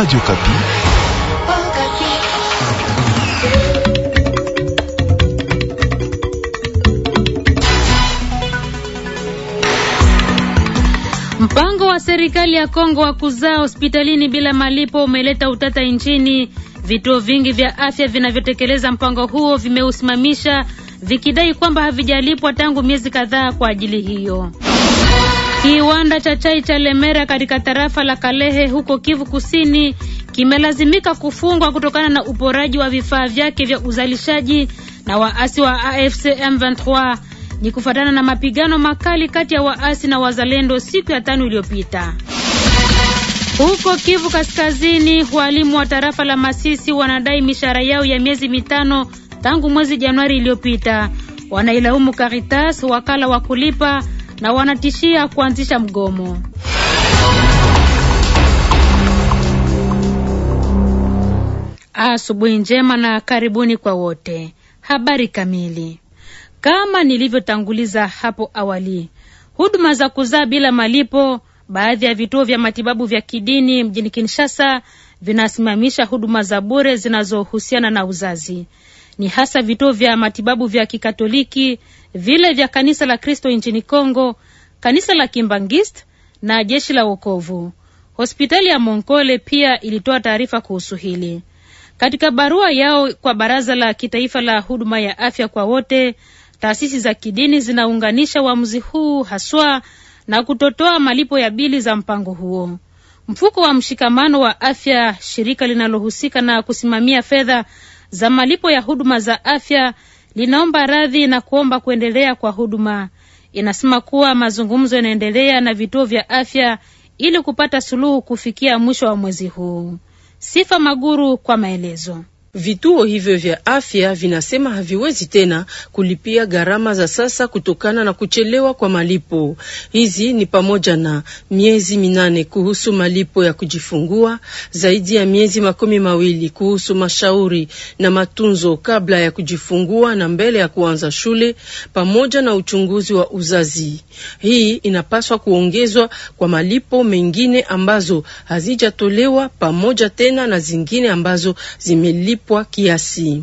Radio Okapi. Mpango wa serikali ya Kongo wa kuzaa hospitalini bila malipo umeleta utata nchini. Vituo vingi vya afya vinavyotekeleza mpango huo vimeusimamisha vikidai kwamba havijalipwa tangu miezi kadhaa kwa ajili hiyo. Kiwanda cha chai cha Lemera katika tarafa la Kalehe huko Kivu Kusini kimelazimika kufungwa kutokana na uporaji wa vifaa vyake vya uzalishaji na waasi wa AFC M23. Ni kufuatana na mapigano makali kati ya waasi na wazalendo siku ya tano iliyopita. Huko Kivu Kaskazini, walimu wa tarafa la Masisi wanadai mishahara yao ya miezi mitano tangu mwezi Januari iliyopita. Wanailaumu Caritas, wakala wa kulipa na wanatishia kuanzisha mgomo. Asubuhi njema na karibuni kwa wote. Habari kamili. Kama nilivyotanguliza hapo awali, huduma za kuzaa bila malipo, baadhi ya vituo vya matibabu vya kidini mjini Kinshasa vinasimamisha huduma za bure zinazohusiana na uzazi. Ni hasa vituo vya matibabu vya Kikatoliki vile vya kanisa la Kristo nchini congo kanisa la Kimbangist na jeshi la wokovu. Hospitali ya Monkole pia ilitoa taarifa kuhusu hili. Katika barua yao kwa Baraza la Kitaifa la Huduma ya Afya kwa Wote, taasisi za kidini zinaunganisha uamuzi huu haswa na kutotoa malipo ya bili za mpango huo. Mfuko wa mshikamano wa afya, shirika linalohusika na kusimamia fedha za malipo ya huduma za afya, linaomba radhi na kuomba kuendelea kwa huduma. Inasema kuwa mazungumzo yanaendelea na vituo vya afya ili kupata suluhu kufikia mwisho wa mwezi huu. Sifa Maguru kwa maelezo. Vituo hivyo vya afya vinasema haviwezi tena kulipia gharama za sasa kutokana na kuchelewa kwa malipo. Hizi ni pamoja na miezi minane kuhusu malipo ya kujifungua, zaidi ya miezi makumi mawili kuhusu mashauri na matunzo kabla ya kujifungua na mbele ya kuanza shule, pamoja na uchunguzi wa uzazi. Hii inapaswa kuongezwa kwa malipo mengine ambazo hazijatolewa pamoja tena na zingine ambazo zimelipwa kulipwa kiasi.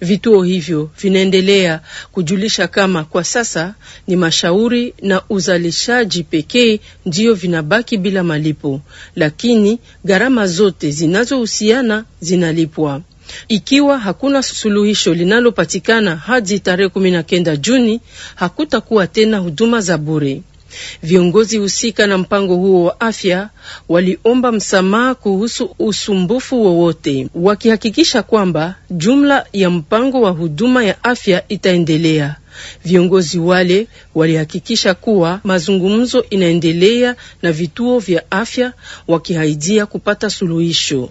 Vituo hivyo vinaendelea kujulisha kama kwa sasa ni mashauri na uzalishaji pekee ndiyo vinabaki bila malipo, lakini gharama zote zinazohusiana zinalipwa. Ikiwa hakuna suluhisho linalopatikana hadi tarehe kumi na kenda Juni, hakutakuwa tena huduma za bure. Viongozi husika na mpango huo wa afya waliomba msamaha kuhusu usumbufu wowote, wakihakikisha kwamba jumla ya mpango wa huduma ya afya itaendelea. Viongozi wale walihakikisha kuwa mazungumzo inaendelea na vituo vya afya wakihaidia kupata suluhisho.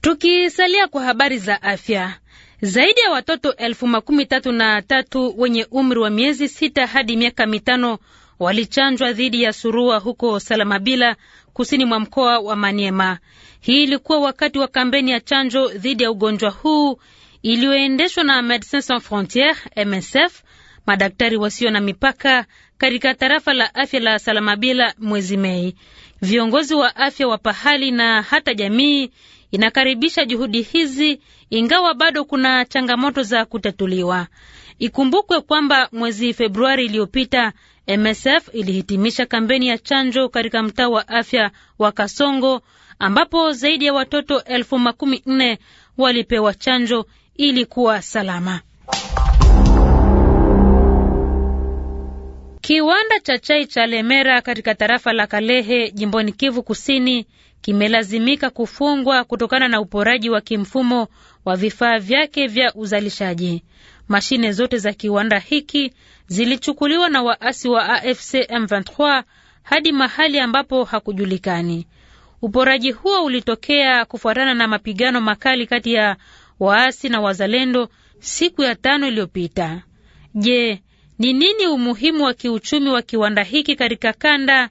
Tukisalia kwa habari za afya, zaidi ya watoto elfu makumi tatu na tatu wenye umri wa miezi sita hadi miaka mitano walichanjwa dhidi ya surua huko Salamabila, kusini mwa mkoa wa Maniema. Hii ilikuwa wakati wa kampeni ya chanjo dhidi ya ugonjwa huu iliyoendeshwa na Medecins Sans Frontieres MSF, madaktari wasio na mipaka katika tarafa la afya la Salamabila mwezi Mei. Viongozi wa afya wa pahali na hata jamii inakaribisha juhudi hizi, ingawa bado kuna changamoto za kutatuliwa. Ikumbukwe kwamba mwezi Februari iliyopita MSF ilihitimisha kampeni ya chanjo katika mtaa wa afya wa Kasongo ambapo zaidi ya watoto elfu makumi nne walipewa chanjo ili kuwa salama. Kiwanda cha chai cha Lemera katika tarafa la Kalehe jimboni Kivu Kusini kimelazimika kufungwa kutokana na uporaji wa kimfumo wa vifaa vyake vya uzalishaji. Mashine zote za kiwanda hiki zilichukuliwa na waasi wa AFC M23 hadi mahali ambapo hakujulikani. Uporaji huo ulitokea kufuatana na mapigano makali kati ya waasi na wazalendo siku ya tano iliyopita. Je, ni nini umuhimu wa kiuchumi wa kiwanda hiki katika kanda?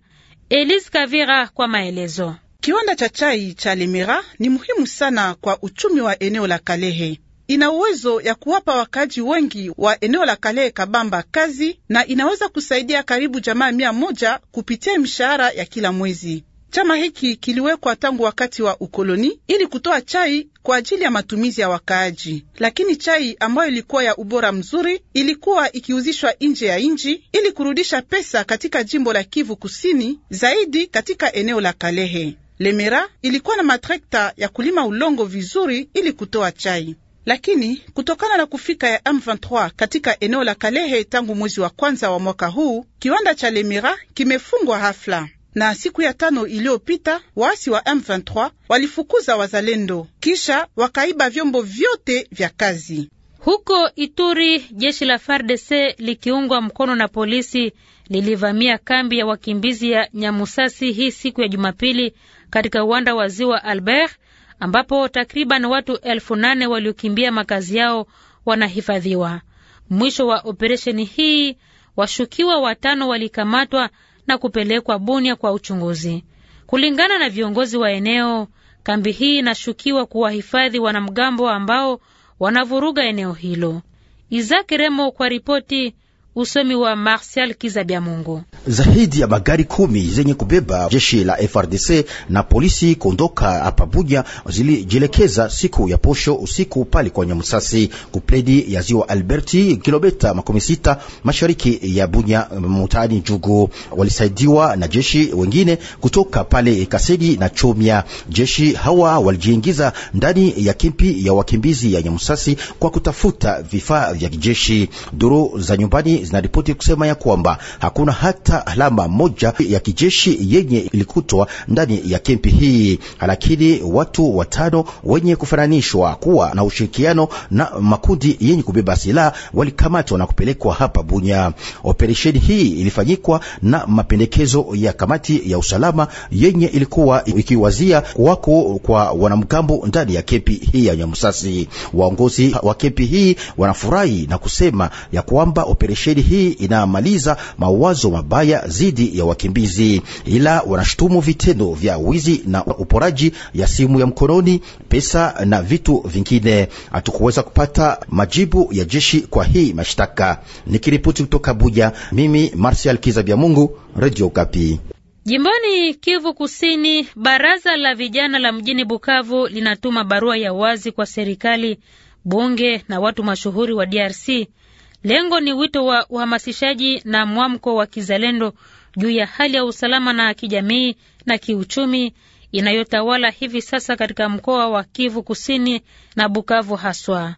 Elise Kavira kwa maelezo. Kiwanda cha chai cha Lemera ni muhimu sana kwa uchumi wa eneo la Kalehe ina uwezo ya kuwapa wakaaji wengi wa eneo la Kale Kabamba kazi na inaweza kusaidia karibu jamaa mia moja kupitia mishahara ya kila mwezi. Chama hiki kiliwekwa tangu wakati wa ukoloni ili kutoa chai kwa ajili ya matumizi ya wakaaji, lakini chai ambayo ilikuwa ya ubora mzuri ilikuwa ikiuzishwa nje ya nchi ili kurudisha pesa katika jimbo la Kivu Kusini, zaidi katika eneo la Kalehe. Lemera ilikuwa na matrekta ya kulima ulongo vizuri ili kutoa chai lakini kutokana na kufika ya M23 katika eneo la Kalehe tangu mwezi wa kwanza wa mwaka huu, kiwanda cha Lemira kimefungwa hafla na siku ya tano iliyopita waasi wa M23 walifukuza wazalendo kisha wakaiba vyombo vyote vya kazi. Huko Ituri, jeshi la FARDC likiungwa mkono na polisi lilivamia kambi ya wakimbizi ya Nyamusasi hii siku ya Jumapili katika uwanda wa ziwa Albert ambapo takriban watu elfu nane waliokimbia makazi yao wanahifadhiwa. Mwisho wa operesheni hii, washukiwa watano walikamatwa na kupelekwa Bunia kwa uchunguzi. Kulingana na viongozi wa eneo, kambi hii inashukiwa kuwahifadhi wanamgambo ambao wanavuruga eneo hilo. Izaki Remo kwa ripoti Usomi wa Martial Kizabia Mungu. Zaidi ya magari kumi zenye kubeba jeshi la FRDC na polisi kuondoka hapa Bunya zilijielekeza siku ya posho usiku pale kwa Nyamusasi kupledi ya ziwa Alberti, kilomita makumi sita mashariki ya Bunya mutaani Jugu. Walisaidiwa na jeshi wengine kutoka pale Kasedi na chomia Jeshi hawa walijiingiza ndani ya kimpi ya wakimbizi ya Nyamusasi kwa kutafuta vifaa vya kijeshi. Duru za nyumbani zinaripoti kusema ya kwamba hakuna hata alama moja ya kijeshi yenye ilikutwa ndani ya kempi hii, lakini watu watano wenye kufananishwa kuwa na ushirikiano na makundi yenye kubeba silaha walikamatwa na kupelekwa hapa Bunya. Operesheni hii ilifanyikwa na mapendekezo ya kamati ya usalama yenye ilikuwa ikiwazia wako kwa wanamgambo ndani ya kempi hii ya Nyamusasi. Waongozi wa kempi hii wanafurahi na kusema ya kwamba operesheni Israeli hii inamaliza mawazo mabaya dhidi ya wakimbizi, ila wanashutumu vitendo vya wizi na uporaji ya simu ya mkononi, pesa na vitu vingine. Hatukuweza kupata majibu ya jeshi kwa hii mashtaka. Nikiripoti kutoka Buja, mimi Martial Mungu, Radio Kapi. Jimboni Kivu Kusini, baraza la vijana la mjini Bukavu linatuma barua ya wazi kwa serikali, bunge na watu mashuhuri wa DRC Lengo ni wito wa uhamasishaji na mwamko wa kizalendo juu ya hali ya usalama na kijamii na kiuchumi inayotawala hivi sasa katika mkoa wa Kivu Kusini na Bukavu haswa.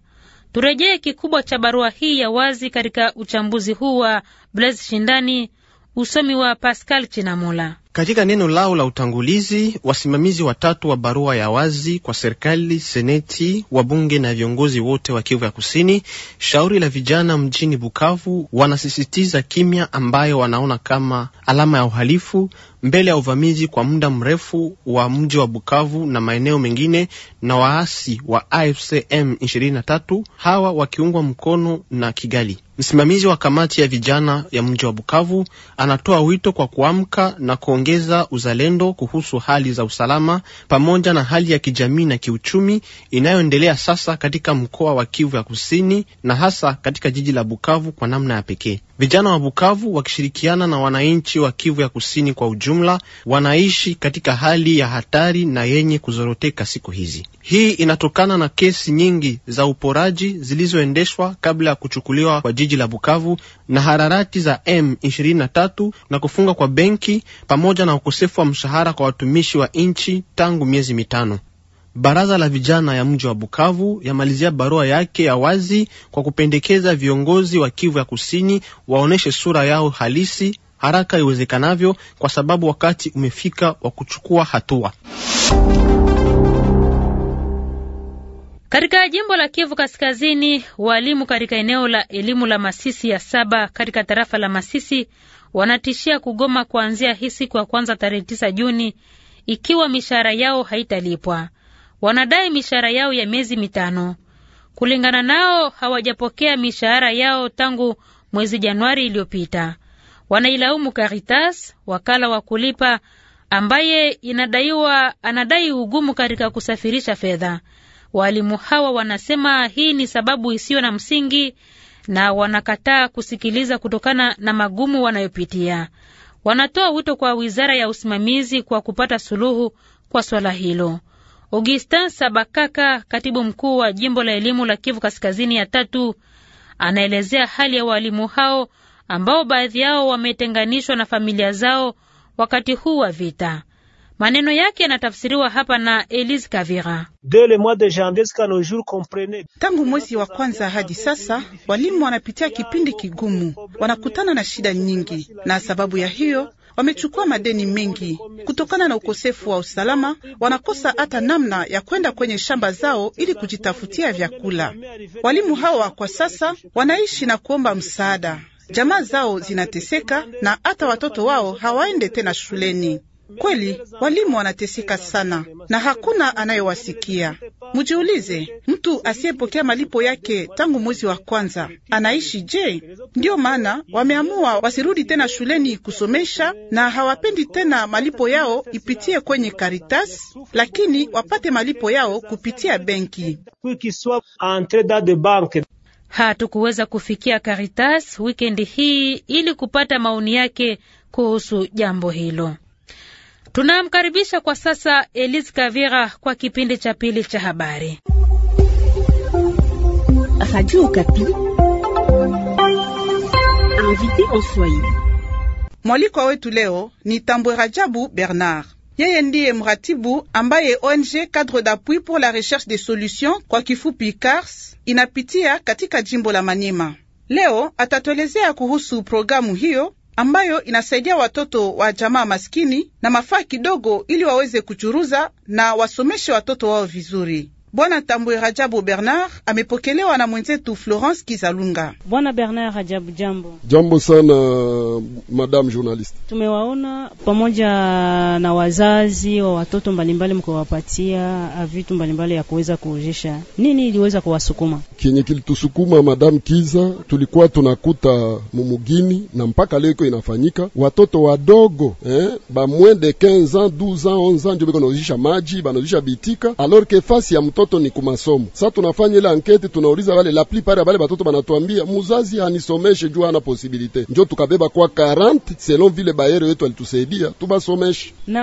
Turejee kikubwa cha barua hii ya wazi katika uchambuzi huu wa Blaise Shindani, usomi wa Pascal chinamula katika neno lao la utangulizi, wasimamizi watatu wa barua ya wazi kwa serikali, seneti, wabunge na viongozi wote wa Kivu ya Kusini, shauri la vijana mjini Bukavu, wanasisitiza kimya ambayo wanaona kama alama ya uhalifu, mbele ya uvamizi kwa muda mrefu wa mji wa Bukavu na maeneo mengine na waasi wa AFC M23, hawa wakiungwa mkono na Kigali. Msimamizi wa kamati ya vijana ya mji wa Bukavu anatoa wito kwa kuamka na kuongeza uzalendo kuhusu hali za usalama pamoja na hali ya kijamii na kiuchumi inayoendelea sasa katika mkoa wa Kivu ya Kusini na hasa katika jiji la Bukavu kwa namna ya pekee. Vijana wa Bukavu wakishirikiana na wananchi wa Kivu ya Kusini kwa ujumla wanaishi katika hali ya hatari na yenye kuzoroteka siku hizi. Hii inatokana na kesi nyingi za uporaji zilizoendeshwa kabla ya kuchukuliwa kwa jiji la Bukavu na hararati za M23 na kufungwa kwa benki pamoja na ukosefu wa mshahara kwa watumishi wa nchi tangu miezi mitano. Baraza la vijana ya mji wa Bukavu yamalizia barua yake ya wazi kwa kupendekeza viongozi wa Kivu ya Kusini waonyeshe sura yao halisi haraka iwezekanavyo, kwa sababu wakati umefika wa kuchukua hatua. Katika jimbo la Kivu Kaskazini, walimu katika eneo la elimu la Masisi ya saba katika tarafa la Masisi wanatishia kugoma kuanzia hii siku ya kwanza tarehe 9 Juni ikiwa mishahara yao haitalipwa wanadai mishahara yao ya miezi mitano. Kulingana nao, hawajapokea mishahara yao tangu mwezi Januari iliyopita. Wanailaumu Caritas, wakala wa kulipa ambaye inadaiwa anadai ugumu katika kusafirisha fedha. Waalimu hawa wanasema hii ni sababu isiyo na msingi na wanakataa kusikiliza kutokana na magumu wanayopitia. Wanatoa wito kwa wizara ya usimamizi kwa kupata suluhu kwa swala hilo. Augustin Sabakaka, katibu mkuu wa jimbo la elimu la Kivu Kaskazini ya tatu, anaelezea hali ya waalimu hao ambao baadhi yao wametenganishwa na familia zao wakati huu wa vita. Maneno yake yanatafsiriwa hapa na Elise Kavira. Tangu mwezi wa kwanza hadi sasa, walimu wanapitia kipindi kigumu, wanakutana na shida nyingi, na sababu ya hiyo wamechukua madeni mengi kutokana na ukosefu wa usalama. Wanakosa hata namna ya kwenda kwenye shamba zao ili kujitafutia vyakula. Walimu hawa kwa sasa wanaishi na kuomba msaada. Jamaa zao zinateseka na hata watoto wao hawaende tena shuleni. Kweli walimu wanateseka sana na hakuna anayewasikia. Mjiulize, mtu asiyepokea malipo yake tangu mwezi wa kwanza anaishi je? Ndiyo maana wameamua wasirudi tena shuleni kusomesha, na hawapendi tena malipo yao ipitie kwenye Karitas, lakini wapate malipo yao kupitia benki. Hatukuweza kufikia Karitas wikendi hii ili kupata maoni yake kuhusu jambo hilo. Tunamkaribisha kwa sasa Elise Kavira kwa kipindi cha pili cha habari. Mwalikwa wetu leo ni Tambwe Rajabu Bernard. Yeye ndiye mratibu ambaye ONG Cadre d'Appui pour la Recherche des Solutions, kwa kifupi CARS, inapitia katika jimbo la Manyema. Leo atatuelezea kuhusu programu hiyo ambayo inasaidia watoto wa jamaa maskini na mafaa kidogo, ili waweze kuchuruza na wasomeshe watoto wao vizuri. Bwana Tambwe Rajabu Bernard amepokelewa na mwenzetu Florence Kizalunga. Bwana Bernard Rajabu, jambo. Jambo sana madam journalist. Tumewaona pamoja na wazazi wa watoto mbalimbali, mkawapatia vitu mbalimbali ya kuweza kuujisha. Nini iliweza kuwasukuma? Kenye kilitusukuma madam Kiza, tulikuwa tunakuta mumugini na mpaka leo iko inafanyika watoto wadogo eh, ba mwende de 15 ans 12 ans 11 ans ndio biko nauzisha maji, banauzisha bitika alors que fasi ya mtoto batoto ni kumasomo. Sasa tunafanya ile ankete tunauliza wale la plupart ya wale batoto banatuambia muzazi anisomeshe juu ana posibilite, njo tukabeba kwa 40 selon vile bayere yetu alitusaidia tubasomeshe. Na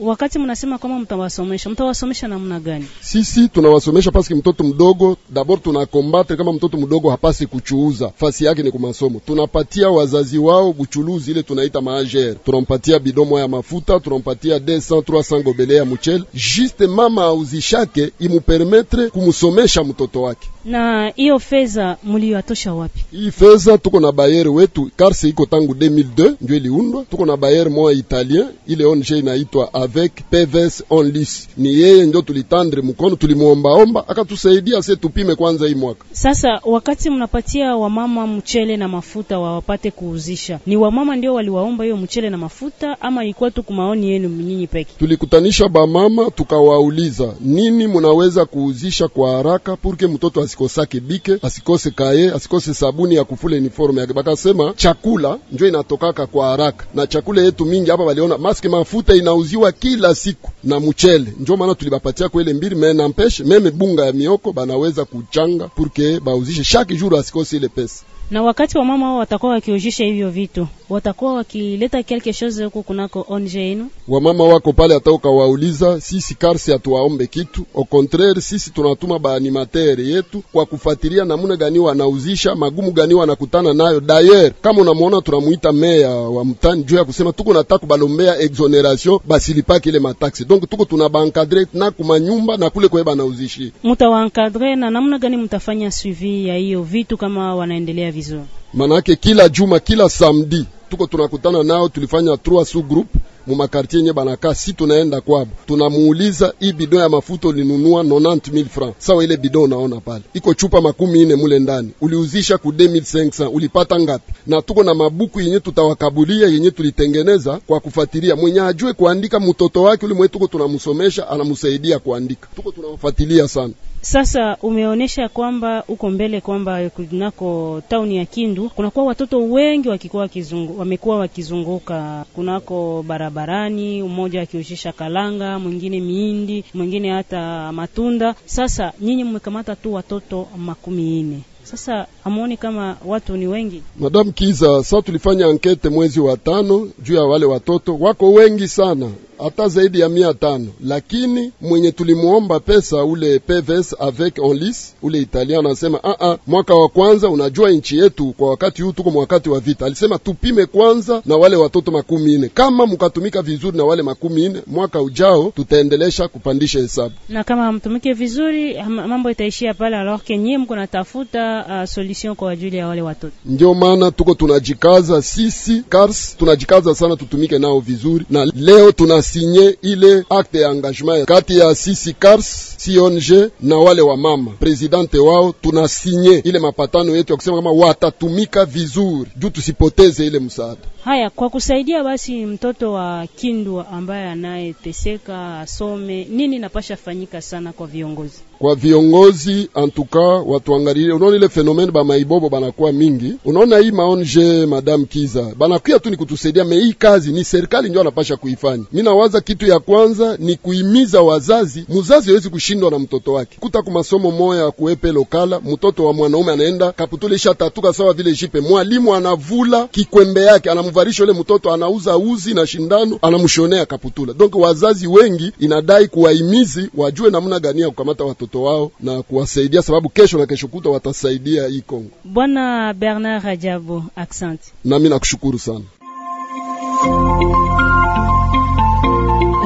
wakati mnasema kama mtawasomesha, mtawasomesha namna gani? Sisi tunawasomesha paski mtoto mdogo dabord tunakombatre kama mtoto mdogo hapasi kuchuuza, fasi yake ni kumasomo. Tunapatia wazazi wao buchuluzi ile tunaita maagere, tunampatia bidomo ya mafuta, tunampatia 200 300 gobele ya mchele, juste mama auzishake imu kumupermetre kumusomesha mtoto wake. Na hiyo fedha mliwatosha wapi? Hii fedha tuko na bayere wetu karse iko tangu 2002 ndio iliundwa. Tuko na bayere moya italien, ile ONG inaitwa avec PVS onlis, ni yeye ndio tulitandre mkono, tulimuombaomba akatusaidia se tupime kwanza hii mwaka. Sasa wakati mnapatia wamama mchele na mafuta wawapate kuuzisha, ni wamama ndio waliwaomba hiyo mchele na mafuta ama ilikuwa tu kumaoni yenu nyinyi peke? Tulikutanisha bamama tukawauliza nini mnawe tunaweza kuuzisha kwa haraka purke mtoto asikosake bike, asikose kaye, asikose sabuni ya kufule uniforme. yake Bakasema chakula njo inatokaka kwa haraka, na chakula yetu mingi hapa waliona maske mafuta inauziwa kila siku na mchele, njo maana tulibapatia kwele mbili mena mpeshe meme bunga ya mioko banaweza kuchanga purke bauzishe shaki juru asikose ile pesa na wakati wa mama wao watakuwa wakiujisha hivyo vitu, watakuwa wakileta quelque chose huko kunako ONG yenu. Wamama wako pale, hata ukawauliza, sisi karsi hatuwaombe kitu. Au contraire, sisi tunatuma baanimateri yetu kwa kufuatilia namuna gani wanauzisha, magumu gani wanakutana nayo. Dayer kama unamwona, tunamuita meya wa mtani juu ya kusema tuko nataka kubalombea exoneration basi lipaki ile mataksi, donc tuko tuna bankadre na kuma nyumba na kule kweba nauzishi. Mutawaankadre na namuna gani mtafanya suivi ya hiyo vitu kama wanaendelea vizuri. Manake kila juma kila samedi tuko tunakutana nao, tulifanya trois sous group mu makartier yenye banaka, si tunaenda kwabo, tunamuuliza hii bidon ya mafuta ulinunua 90000 francs sawa? Ile bidon unaona pale iko chupa makumi ine mule ndani, uliuzisha ku 2500 ulipata ngapi? Na tuko na mabuku yenye tutawakabulia yenye tulitengeneza kwa kufatilia, mwenye ajue kuandika mtoto wake ule tuko tunamsomesha, anamusaidia kuandika, tuko tunawafuatilia sana. Sasa umeonyesha kwamba uko mbele kwamba kunako tauni ya Kindu kunakuwa watoto wengi wakikuwa kizungu, wamekuwa wakizunguka kunako barabarani, mmoja akiushisha kalanga, mwingine miindi, mwingine hata matunda. Sasa nyinyi mmekamata tu watoto makumi sasa amuoni kama watu ni wengi, Madam Kiza. Sasa tulifanya ankete mwezi wa tano juu ya wale watoto wako wengi sana, hata zaidi ya mia tano, lakini mwenye tulimuomba pesa ule PVS avec onlis ule Italian anasema a ah, a, ah, mwaka wa kwanza, unajua nchi yetu kwa wakati huu tuko mwakati wa vita. Alisema tupime kwanza na wale watoto makumi nne, kama mkatumika vizuri na wale makumi nne, mwaka ujao tutaendelesha kupandisha hesabu, na kama hamtumike vizuri, mambo itaishia pale alors que mko natafuta uh, solution kwa ajili ya wale watoto. Ndio maana tuko tunajikaza sisi CARS, tunajikaza sana tutumike nao vizuri, na leo tunasinye ile acte ya engagement kati ya sisi CARS CNG na wale wa mama presidente wao, tunasinye ile mapatano yetu ya kusema kama watatumika vizuri juu tusipoteze ile msaada. Haya, kwa kusaidia basi mtoto wa Kindwa ambaye anayeteseka asome nini, napasha fanyika sana kwa viongozi kwa viongozi antuka watuangalie. Unaona ile fenomene ba maibobo banakuwa mingi. Unaona hii maonje madam Kiza banakuya tu ni kutusaidia me, hii kazi ni serikali ndio anapasha kuifanya. Mimi nawaza kitu ya kwanza ni kuimiza wazazi. Mzazi hawezi kushindwa na mtoto wake, kuta ku masomo moya kuepe lokala, mtoto wa mwanaume anaenda kaputulisha tatuka sawa vile jipe, mwalimu anavula kikwembe yake anamvarisha ile mtoto, anauza uzi na shindano anamshonea kaputula. Donc wazazi wengi inadai kuwaimizi wajue namna gani ya kukamata watoto watoto wao na kuwasaidia, sababu kesho na kesho kuta watasaidia hii Kongo. Bwana Bernard Rajabo, asante. Nami nakushukuru sana.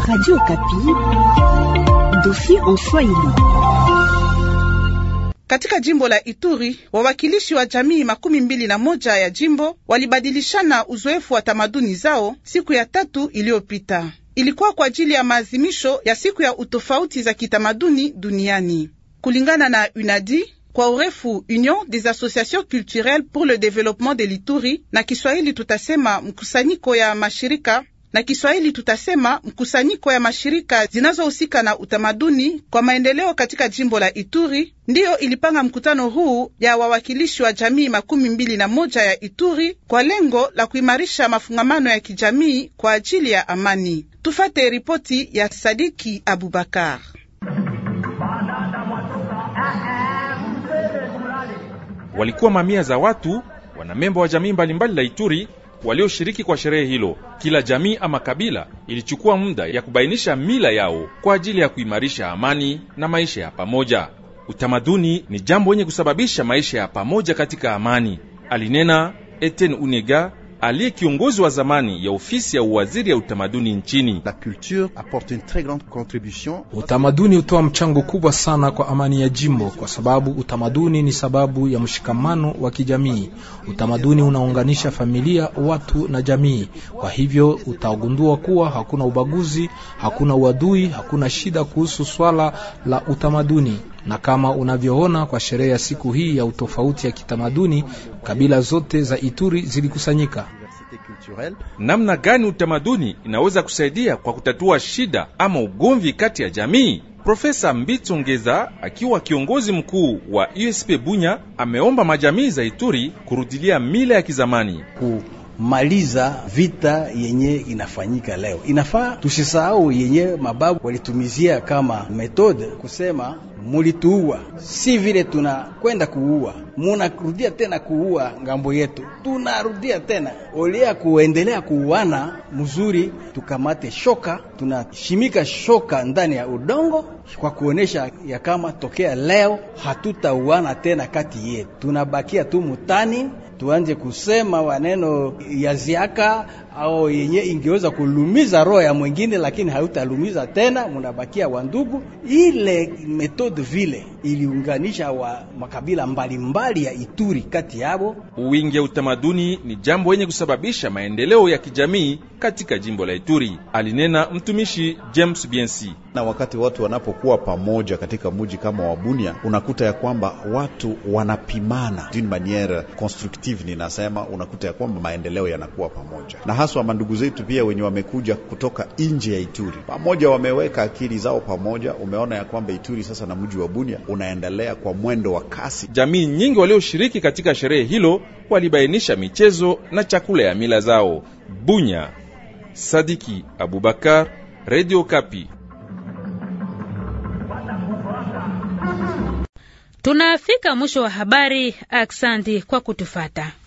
Radio Kapi, dofi en Swahili. Katika jimbo la Ituri wawakilishi wa jamii makumi mbili na moja ya jimbo walibadilishana uzoefu wa tamaduni zao siku ya tatu iliyopita ilikuwa kwa ajili ya maazimisho ya siku ya utofauti za kitamaduni duniani. Kulingana na UNADI kwa urefu Union des Associations Culturelles pour le Développement de l'Ituri, na Kiswahili tutasema mkusanyiko ya mashirika na Kiswahili tutasema mkusanyiko ya mashirika zinazohusika na utamaduni kwa maendeleo katika jimbo la Ituri ndiyo ilipanga mkutano huu ya wawakilishi wa jamii makumi mbili na moja ya Ituri kwa lengo la kuimarisha mafungamano ya kijamii kwa ajili ya amani. Tufate ripoti ya Sadiki Abubakar. Walikuwa mamia za watu wanamemba wa jamii mbalimbali la Ituri walioshiriki kwa sherehe hilo. Kila jamii ama kabila ilichukua muda ya kubainisha mila yao kwa ajili ya kuimarisha amani na maisha ya pamoja. Utamaduni ni jambo yenye kusababisha maisha ya pamoja katika amani, alinena Eten Unega, aliye kiongozi wa zamani ya ofisi ya uwaziri ya utamaduni nchini. La culture apporte une très grande contribution. Utamaduni hutoa mchango kubwa sana kwa amani ya jimbo, kwa sababu utamaduni ni sababu ya mshikamano wa kijamii. Utamaduni unaunganisha familia, watu na jamii. Kwa hivyo utagundua kuwa hakuna ubaguzi, hakuna uadui, hakuna shida kuhusu swala la utamaduni na kama unavyoona kwa sherehe ya siku hii ya utofauti ya kitamaduni, kabila zote za Ituri zilikusanyika. Namna gani utamaduni inaweza kusaidia kwa kutatua shida ama ugomvi kati ya jamii? Profesa Mbitsongeza akiwa kiongozi mkuu wa USP Bunya ameomba majamii za Ituri kurudilia mila ya kizamani maliza vita yenye inafanyika leo. Inafaa tusisahau yenye mababu walitumizia kama metode kusema mulituua, si vile tunakwenda kuua, munarudia tena kuua ngambo yetu, tunarudia tena olea kuendelea kuuana mzuri. Tukamate shoka, tunashimika shoka ndani ya udongo kwa kuonesha ya kama tokea leo hatutauana tena kati yetu, tunabakia tu mutani tuanze kusema maneno ya ziaka au yenye ingeweza kulumiza roho ya mwingine, lakini hautalumiza tena, munabakia wandugu. Ile metode vile iliunganisha wa makabila mbalimbali mbali ya Ituri kati yabo. Uwingi ya utamaduni ni jambo yenye kusababisha maendeleo ya kijamii katika jimbo la Ituri, alinena mtumishi James Biensi. Na wakati watu wanapokuwa pamoja katika muji kama Wabunia, unakuta ya kwamba watu wanapimana d'une maniere constructive, ninasema unakuta ya kwamba maendeleo yanakuwa pamoja na haswa mandugu zetu pia wenye wamekuja kutoka nje ya Ituri pamoja, wameweka akili zao pamoja. Umeona ya kwamba Ituri sasa na mji wa Bunia unaendelea kwa mwendo wa kasi. Jamii nyingi walioshiriki katika sherehe hilo walibainisha michezo na chakula ya mila zao. Bunya, Sadiki Abubakar, Radio Kapi. Tunafika mwisho wa habari. Aksanti kwa kutufata.